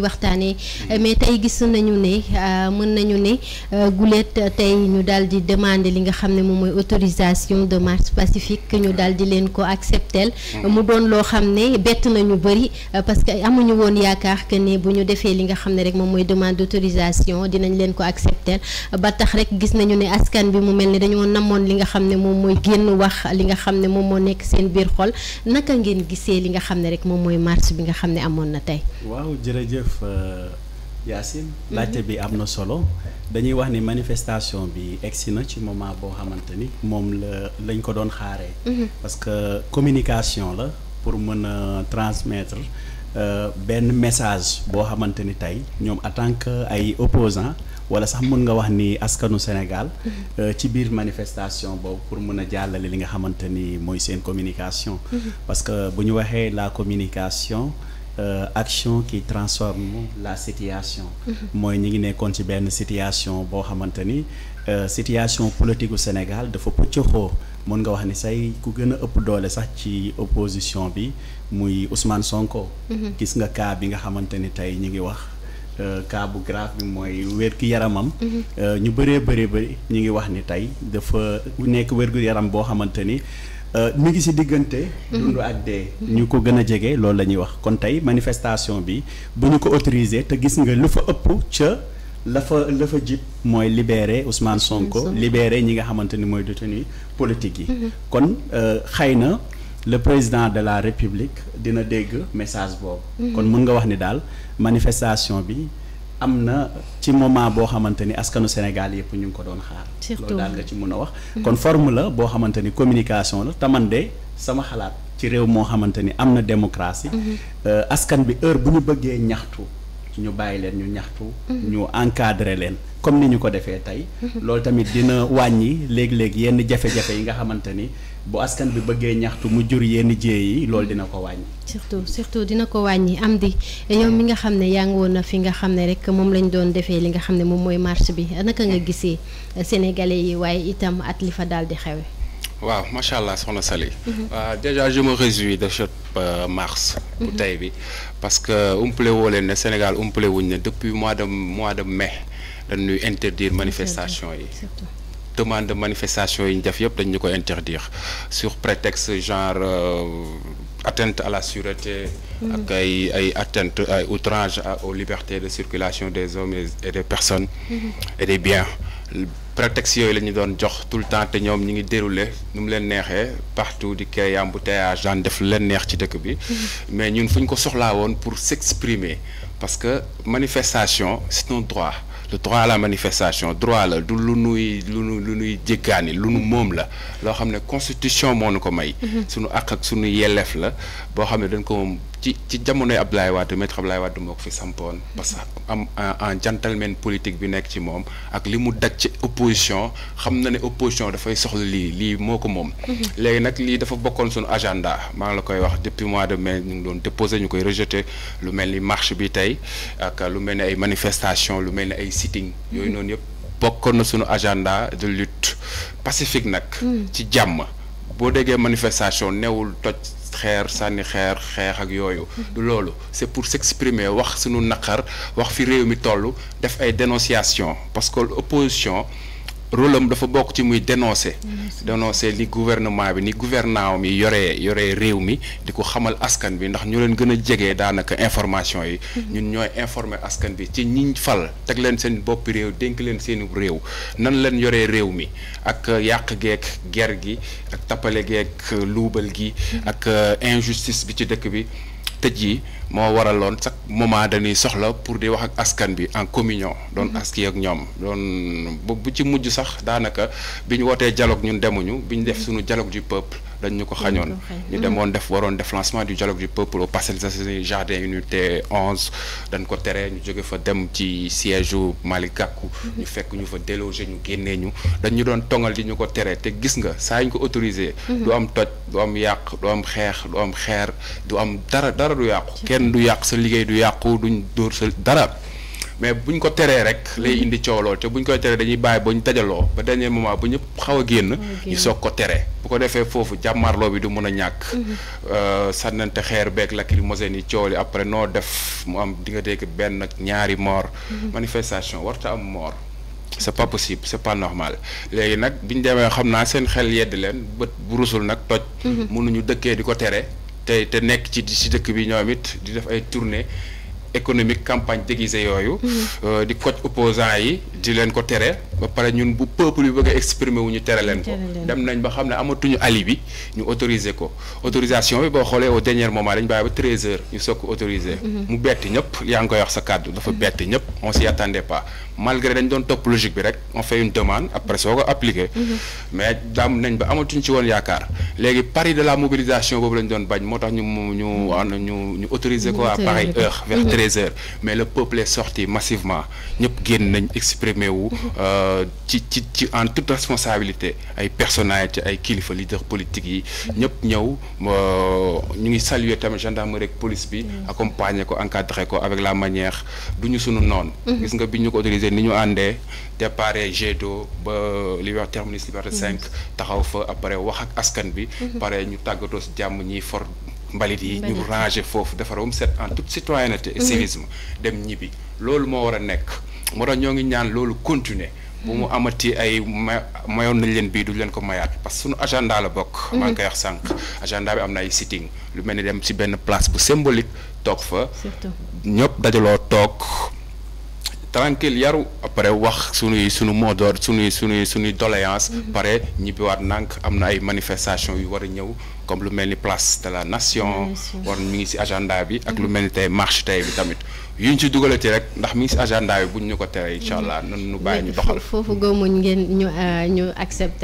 waxtaanee mais tey gis nañu ne euh, mën nañu ne euh, guléet tey ñu daal di demande li nga xam ne moom mooy autorisation de marche pacifique ñu daal di leen ko acceptel mu doon loo xam ne bett nañu bëri euh, parce que amuñu woon yaakaar que ne bu ñu defee li nga xam ne rek moom mooy demande d'autorisation dinañ leen ko acceptel ba tax rek gis nañu ne askan bi mu mel ni dañoo namoon li nga xam ne moom mooy génn wax li nga xam ne moom moo nekk seen biir xol naka ngeen gisee li nga xam ne rek moom mooy marche bi nga xam ne amoon na tey jërëjëf euh, Yacine. laajte bi am na solo dañuy wax ni manifestation bi egsi na ci moment boo xamante ni moom la lañ ko doon xaare mhm. parce que communication la pour mën a transmettre euh, benn message boo xamante ni tey ñoom en tant que ay opposants wala sax mën nga wax ni askanu Sénégal. Mhm. Euh, ci biir manifestation boobu pour mën a jàllale li nga xamante ni mooy seen communication. Mhm. parce bu ñu waxee la communication. Euh, action qui transforme la situation. mooy ñu ngi nekkoon ci benn situation boo xamante ni situation politique gu Sénégal dafa pëccëxoo mën nga wax ni say ku gën a ëpp doole sax ci opposition bi muy Ousmane Sonko. Mhm. gis nga cas bi nga xamante ni tey ñu ngi wax kaa euh, bu grave bi mooy wér gu yaramam. Mhm. Euh, ñu bëree bëri bëri ñu ngi wax ni tey dafa nekk wér gu yaram boo xamante ni. Euh, mi ngi si diggante. Mhm. dund ak dee. ñu ko gën a jege loolu la ñuy wax kon tey manifestation bi bu ñu ko autorisé te gis nga lu fa ëpp ca la fa la fa jib mooy libéré Ousmane Sonko. libéré ñi nga xamante ni mooy détenu politique yi. Mhm. kon euh, xëy na le président de la république dina dégg message boobu. Mhm. kon mën nga wax ni daal manifestation bi. am na ci moment boo xamante ni askanu Sénégal yëpp ñu ngi ko doon xaar. loolu daal nga ci mën a wax. Mm-hmm. kon forme la boo xamante ni communication la taman de sama xalaat ci réew moo xamante ni am na démocratie. Mm-hmm. Euh, askan bi heure bu ñu bëggee ñaxtu. ñu bàyyi leen ñu ñaxtu. Mm-hmm. ñu encadrer leen comme ni ñu ko defee tey. loolu tamit dina wàññi léeg-léeg yenn jafe-jafe yi nga xamante ni. bu askan bi bëggee ñaxtu mu jur yenn jéey yi loolu dina ko wàññi. surtout surtout dina ko wàññi am di yow mi nga xam ne yaa ngi woon fi nga xam ne rek moom lañu doon defee li nga xam ne moom mooy marche bi naka nga gisee sénégalais yi waaye itam at li fa daal di xewe waaw macha allah soxna Sali. Mhm. waaw déjà je me réjouis de cette euh, marche. bu mhm. tey bi parce que umpale woo leen ne Sénégal umpale wuñ ne depuis mois de mois de mai dañuy interdire manifestation yi. demande manifestation yi ñu def yëpp dañ ñu ko interdire sur prétexte genre euh, atteinte à la sûreté mm. ak ay ay atteinte ay outrage aux libertés de circulation des hommes et des personnes mm-hmm. et des biens prétexte yooyu la ñu doon jox tout le temps te ñoom ñu ngi déroulé nu mu leen neexee partout di créer embouteillage daan def lu leen neex ci dëkk bi mm-hmm. mais ñun fu ñu ko soxlaa woon pour s'exprimer parce que manifestation c'est un droit le droit la manifestation droit la du lu nuy lu nu lu nuy jéggaani lu nu moom la loo xam ne constitution moo nu ko may. Mhm. sunu àq ak sunu yelleef la boo xam ne dañ ko ci ci jamonoy Abdoulaye Wade maître Abdoulaye Wade moo ko fi sampoon parce que am en gentleman politique bi nekk ci moom ak li mu daj ci opposition xam na ne opposition dafay soxla lii lii moo ko moom. léegi nag lii dafa bokkoon suñu agenda maa ngi la koy wax depuis mois de mai ñu ngi doon déposé ñu koy rejeté lu mel ni marche bi tey ak lu mel ni ay manifestation lu mel ni ay sitting yooyu noonu yëpp bokkoon na suñu agenda de lutte pacifique nag. Mm. ci jàmm boo déggee manifestation newul toj. xeer sànni xeer xeex ak yooyu du loolu c'est pour s'exprimer wax suñu naqar wax fi réew mi toll def ay dénonciation parce que opposition rôle dafa bokk ci muy dénoncer dénoncer li gouvernement bi ni gouvernement yi yoree yore réew mi di ko xamal askan bi ndax ñu leen gën a jege daanaka information yi mm-hmm. ñun ñooy informer askan bi ci ñi fal teg leen seen boppi réew dénk leen seeni réew nan leen yoree réew mi ak yàq geek ger gi ak tappale geek luubal gi mm-hmm. ak euh, injustice bi ci dëkk bi tëj yi moo waraloon chaque moment dañuy soxla pour di wax ak askan bi en communion doon mhm. aski ak ñoom doon bu ci mujj sax daanaka bi ñu wootee jaloog ñun demuñu bi ñu def mhm. suñu dialogue du peuple dañ ko xañoon ñu demoon mm-hmm. def waroon def lancement du dialogue du peuple au Parcelles jardin unité onze dañ ko tere ñu jóge fa dem ci siège u Malick Gakou mm-hmm. ñu fekk ñu fa délogé ñu génnee ñu dañ ñu doon tongal di ñu ko tere te gis nga saa ñu ko autorisé mm-hmm. du am toj du am yàq du am xeex du am xeer du am dara dara du yàqu kenn du yàq sa liggéey du yàqu duñ dóor sa dara mais buñ ko teree rek lay mm-hmm. indi coow lool te ñu koy teree dañuy bàyyi ba ñu dajaloo ba dernier moment bu ñëpp xaw a génn mm-hmm. ñu soog ko teree bu ko defee foofu jàmmaarloo bi du mën a ñàkk mm-hmm. euh, sànnante xeer beeg lacrymogène yi coow li après noo def mu am di nga dégg benn ak ñaari mort manifestation warta am mort c'est pas possible c'est pas normal léegi nag bi ñu demee xam naa seen xel yedd leen bët bu rusul nag toj mënuñu dëkkee di ko tere te te nekk ci ci dëkk bi ñoom it di def ay tournée économique campagne déguisée yooyu. Euh, di koj opposants yi di leen ko tere ba pare ñun bu peuple bi bëgg a exprimer wu ñu tere leen ko. dem nañ ba xam ne amatuñu ali bi ñu autoriser ko autorisation bi boo xoolee au dernier moment dañ bàyyi ba treize heures ñu soog ko autoriser. Mhm. mu bett ñëpp yaa ngi koy wax sa kàddu dafa mhm. bett ñëpp on s'y attendait pas malgré dañ doon topp logique bi rek on fait une demande après soo ko appliqué. Mhm. mais daam nañ ba amatuñ ci woon yaakaar léegi pari de la mobilisation boobu lañ doon bañ moo tax ñu ñu ñu ñu autoriser ko à 13 mais le peuple sorti massivement ñëpp génn nañ exprimer wu mhm. euh, ci ci ci en toute responsabilité ay personnalité ay kilifa leader politique yi mhm. ñëpp ñëw euh, ñu ngi saluer tamit gendarmerie ak police bi mhm. accompagner ko encadrer ko avec la manière du ñu sunu noonu gis nga bi ñu ko autorisé ni ñu àndee départ jet d'eau ba liberté terminus liberté cinq taxaw fa après wax ak askan bi pare ñu tàggatoo si jàmm ñiy for mbalit yi ñu ranger foofu defar mu set en toute citoyenneté et mhm. civisme dem ñibbi loolu moo war a nekk moo tax ñoo ngi ñaan loolu continuer bu mu mhm. amati ay ma mayoon nañ leen bii du leen ko mayaat parce que suñu agenda la bokk. Mhm. maa wax sànq agenda bi am na ay sitting lu mel ni dem ci benn place bu symbolique toog fa. ñëpp dajaloo toog. tranquille yaru après wax sunuy sunu mot d'ordre sunuy sunuy sunuy doléance pare ñibbiwaat nànk am na ay manifestation yu war a ñëw. comme lu mel ni place de la nation war mu ngi ci agenda bi ak lu mel ni tey marche tey bi tamit yuñ ci dugalati rek ndax mi ngi ci agenda bi buñ ñu ko tere incha allah nan mm. nu bàyyi ñu doxal foofu gëmuñ ngeen ñu euh, ñu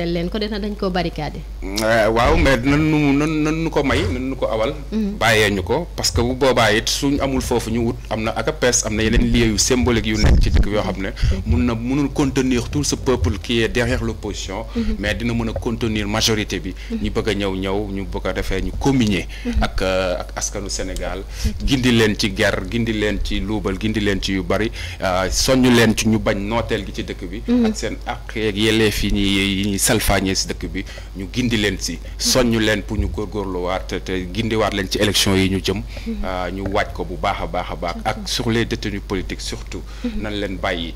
leen ko dina dañ ko barricade euh, waaw mais nan nu nan nan nu ko may nan nu ko awal mm. bàyyee ñu ko parce que bu boobaa it suñ amul foofu ñu wut am na ak a pees am na yeneen lieux yu symbolique yu nekk ci dikk yoo xam ne mm-hmm. mun na mënul contenir tout ce peuple qui est derrière l'opposition mm-hmm. mais dina mën a contenir majorité bi mm-hmm. ñu bëgg a ñëw ñëw bu ko defee ñu communier mhm. ak euh, ak askanu Sénégal gindi leen ci ger gindi leen ci luubal gindi leen ci yu bari euh, soññ leen ci ñu bañ nooteel gi ci dëkk bi mhm. ak seen ak yelleef yi ñuy yi ñuy dëkk bi ñu gindi leen si soññ leen pour ñu góor góorluwaat te te gindiwaat leen ci élection yi ñu jëm mhm. euh, ñu waaj ko bu baax a baax a baax ak sur les détenus politiques surtout nañ leen bàyyi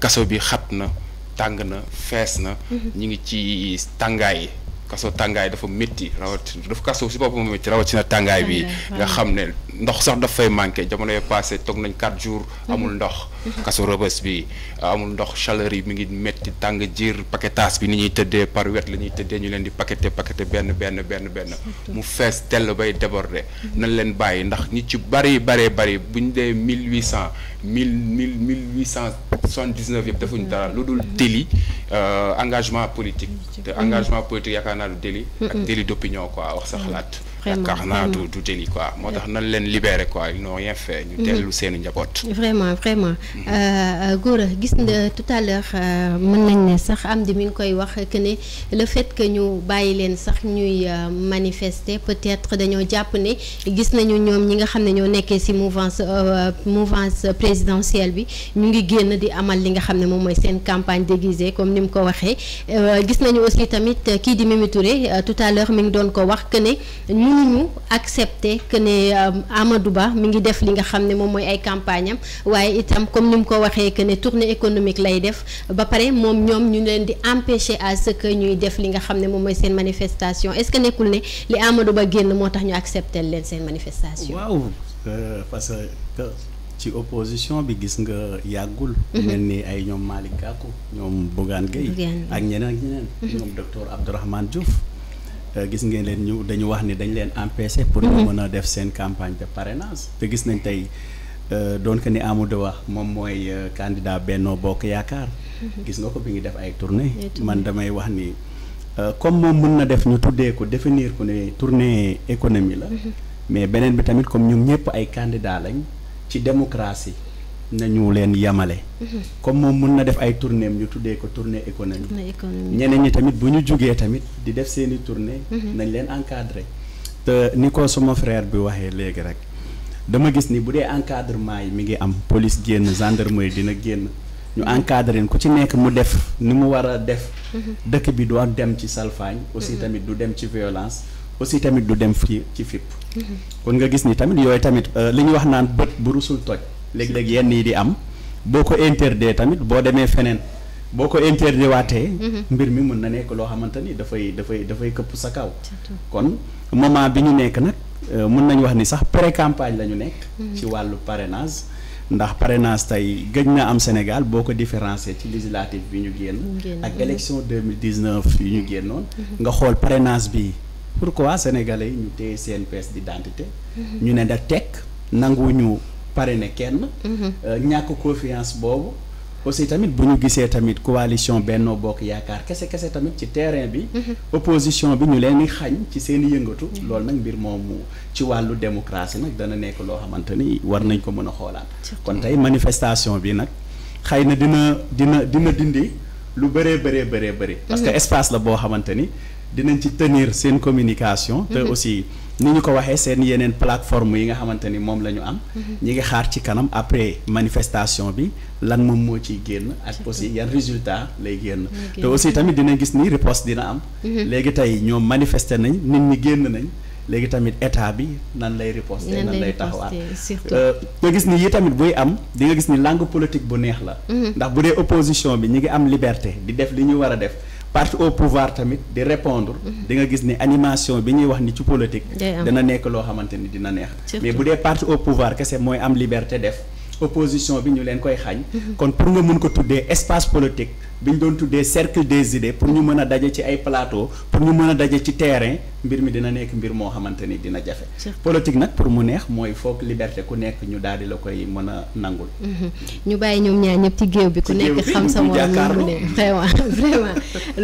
kaso bi xat na tàng na fees na ñu ngi ci tàngaay kaso tàngaay dafa métti rawat dafa kaso si boppam métti rawatina tàngaay bi nga xam ne ndox sax daf fay manqué jamono yee passé toog nañ 4 jour amul ndox kaso rëbës bi amul ndox chaleur yi mi ngi métti tàng jiir paquetage bi ni ñuy tëddee par wet la ñuy tëddee ñu leen di paqueté paqueté benn benn benn benn mu fees tell bay débordé nañ leen bàyyi ndax nit ci bari bari bari bu ñu dee mille huit cent mille mille mille huit cent soixante dix yëpp defuñu dara mm-hmm. lu dul délit euh, engagement politique mm-hmm. te engagement politique yaakaar naa du délit ak délit d'opinion quoi wax sa xalaat vraiment yaakaar naa du du délit quoi moo tax nan leen libéré quoi ils n'ont rien fait. ñu dellu mhm. seeni njaboot. vraiment vraiment. Mhm. Euh, euh, Gora gis nga mhm. tout à l'heure euh, mën nañ ne sax am di mi ngi koy wax que ne le fait que ñu bàyyi leen sax ñuy manifester peut-être dañoo jàpp ne gis nañu ñoom ñi nga xam ne ñoo nekkee ci mouvance mouvance présidentielle bi ñu ngi génn di amal li nga xam ne moom mooy seen campagne déguisée comme ni mu ko waxee gis nañu aussi kii di Mimi Touré tout ngi doon ko wax que ne. mënuñu accepter que ne euh, amadu Ba mi ngi def li nga xam ne moom mooy ay campagne am waaye itam comme ni mu ko waxee que ne tournée économique lay def ba pare moom ñoom ñu leen di empêcher à ce que ñuy def li nga xam ne moom mooy seen manifestation est-ce que nekkul ne li amadu Ba génn moo tax ñu accepter leen seen manifestation. waaw euh, parce que ci opposition bi gis nga yàggul. Mm-hmm. mel ni ay ñoom Malick Gakou ñoom Bougane Gueye ak ñeneen ak ñeneen. Mm-hmm. ñoom docteur Abdourahmane Euh, gis ngeen leen ñu dañu wax ni dañ leen empêché pour ñu mën a def seen campagne de parrainage te gis nañ tey euh, doon ko ni amul Amadou wax moom mooy euh, candidat Benno Bokk Yaakaar mhm. gis nga ko bi ngi def ay tournée man damay wax ni comme moom mën na def ñu tuddee ko définir ko ne tournée économie la mhm. mais beneen bi tamit comme ñoom ñëpp ay candidat lañ ci démocratie nañu leen yemale. Mhm. comme moom mun na def ay tournées ñu tuddee ko tournée économique. ñeneen ñi tamit bu ñu jugee tamit di def seen tournée mhm. nañ leen encadré. te ni ko suma frère bi waxee léegi rek dama gis ni bu dee encadrement yi mi ngi am police génn gendarmerie dina génn ñu encadré ku ci nekk mu def ni mu war a def. Mhm. dëkk bi du doo dem ci salfaañ. aussi tamit du dem ci violence. aussi tamit du dem fii ci fipp kon nga gis ni tamit yooyu tamit euh, li ñu wax naan bët bu léeg-léeg yenn yi di am boo ko interdee tamit boo demee feneen boo ko interdee waatee. Mhm. mbir mi mun na nekk loo xamante ni dafay dafay dafay këpp sa kaw. kon moment bi ñu nekk nag euh, mën nañu wax ni sax pré campagne la nekk. Mhm. ci wàllu parrainage. ndax parrainage tey gëj na am Sénégal boo ko différencier ci législative bi ñu génn. ak mhm. élection 2019 yi ñu génnoon. nga xool parrainage bi pour quoi yi ñu téye seen pièce d'identité. ñu ne da tekk nanguwuñu pare na kenn. Mhm. Euh, ñàkk confiance boobu. aussi tamit bu ñu gisee tamit coalition Benno Bokk Yaakaar kese kese tamit ci terrain bi. Mhm. opposition bi ñu leen xañ ci seen i yëngatu. Mhm. loolu nag mbir moomu ci wàllu démocratie nag dana nekk loo xamante ni war nañ ko mën a xoolaat. kon tey manifestation bi nag xëy na dina dina dina dindi lu bëree bëree bëree bëri. parce que espace la boo xamante ni dinañ ci tenir seen communication. te aussi. ni ñu ko waxee seen yeneen plateforme yi nga xamante ni moom la ñu am mhm. ñi ngi xaar ci kanam après manifestation bi lan moom moo ciy génn ak aussi yan résultat lay génn te aussi tamit dina gis ni riposte dina am mhm. léegi tey ñoom manifester nañ nit ñi génn nañ léegi tamit état bi nan lay riposter nan lay taxawaat nga euh, gis ni yi tamit buy am di nga gis ni langue politique bu neex la mhm. ndax bu dee opposition bi ñi ngi am liberté di def li ñu war a def parti au pouvoir tamit di répondre mhm. di nga gis ni animation bi ñuy wax ni ci politique dina nekk loo xamante dina neex mais bu dee parti au pouvoir kese mooy am liberté def opposition bi ñu leen koy xañ mhm. kon pour nga mun ko tuddee espace politique bi ñu doon tuddee cercle des idées pour ñu mën a daje ci ay plateau pour ñu mën a daje ci terrain mbir mi dina nekk mbir moo xamante ni dina jafe politique nag pour mu neex mooy foog liberté ku nekk ñu daal di la koy mën a nangul mhm. ñu